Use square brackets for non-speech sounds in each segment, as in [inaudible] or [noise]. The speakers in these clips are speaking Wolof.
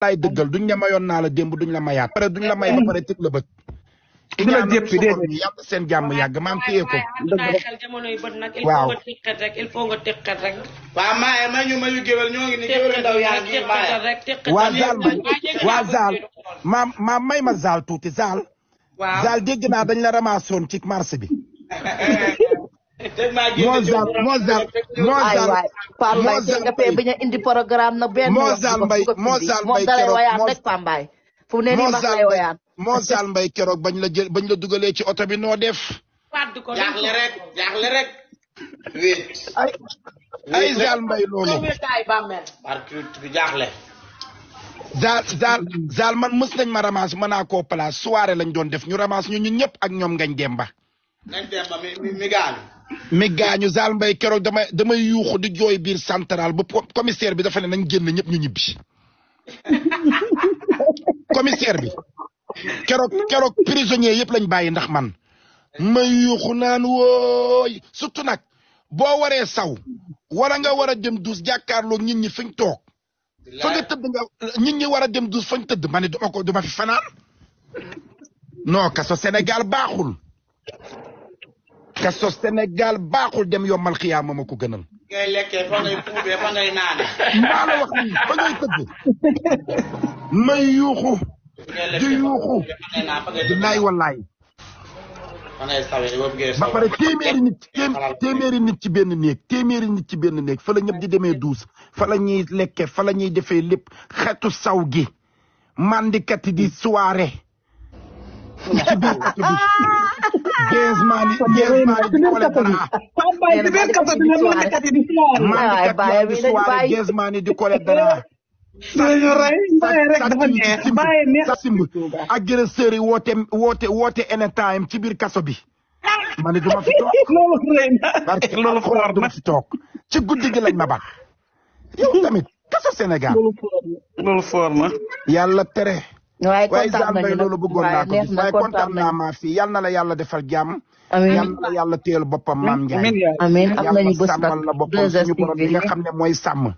laay dëggal duñ la mayoon naa la démb duñ la mayaat pare duñ la may ba pare tëg bët ki ñaan seen jàmm yàgg maam téye ko waaw il faut nga tëkkat rek waaw maaye ma ma maam may ma zaal tuuti zaal zaal dégg naa dañ la ramassoon ci mars bi [laughs] moo zaal moo zaal moo zaal pambay nga pe bi indi programme na ben mo zal mo zal mbay mo rek fu ne ni ma lay woyaan mo zal mbay bañ la jël bañ la dugalé ci auto bi no def waddu ko rek rek ay zal zal zal zal man mës nañ ma ramas mëna ko place soirée lañ doon def ñu ramas ñu ñun ak ñom ngañ demba ngañ demba mi mi mi gaañu Zal mbay keroog dama damay yuuxu di jooy biir central ba commissaire bi dafa ne nañ génn ñëpp ñu ñibbi [laughs] commissaire bi keroog keroog prisonnier yëpp lañ bàyyi ndax man ma yuuxu naan wooy surtout nag boo waree saw wala nga war a dem duus jàkkaarloog nit ñi fiñ toog fa nga tëdd nga nit ñi a dem duus fañ tëdd ma ne duma ko duma fi fanaan non kaso Sénégal baaxul xeso Sénégal baaxul dem yombal xiyaama ma ko gënal. ngay lekkee fa fa ngay naane. maa yuuxu. di yuuxu. billaay wallaay. ba pare téeméeri nit téeméeri nit ci benn néeg téeméeri nit ci benn néeg fa la ñëpp di demee duus fa la ñuy lekke fa la ñuy defee lépp xetu saw gi mandikat di soirée. [laughs] ci biir [laughs] géezmaani géezmaani di ko di ko dara. dañu rey mbaye rek dafa time ci biir kaso bi. man de [laughs] duma ci guddi gi lañ ma baax yow tamit kaso Sénégal loolu tere. waaye kontaan nañu nag loolu bëggoon naa ko waaye na la yàlla defal jàmm. amiin yàlla téyel boppam maam Ndiaye. amiin am nañu bés la boppam suñu nga xam ne mooy sàmm.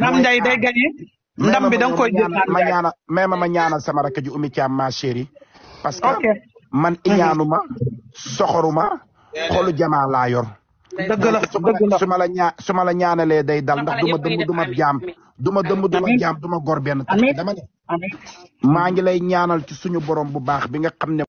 maam Ndiaye day gagné. ndam bi koy ma ñaanal mais ma ñaanal sama rakk ji Oumy Thiam ma chérie parce que man iñaanuma soxoruma xolu jamaa laa yor. dëgg la su ma la ñaa su ma la ñaanalee day dal ndax duma ma duma du ma jaam du ma dëmm du jaam du gor benn. dama ngi lay ñaanal ci suñu borom bu baax bi nga xam ne.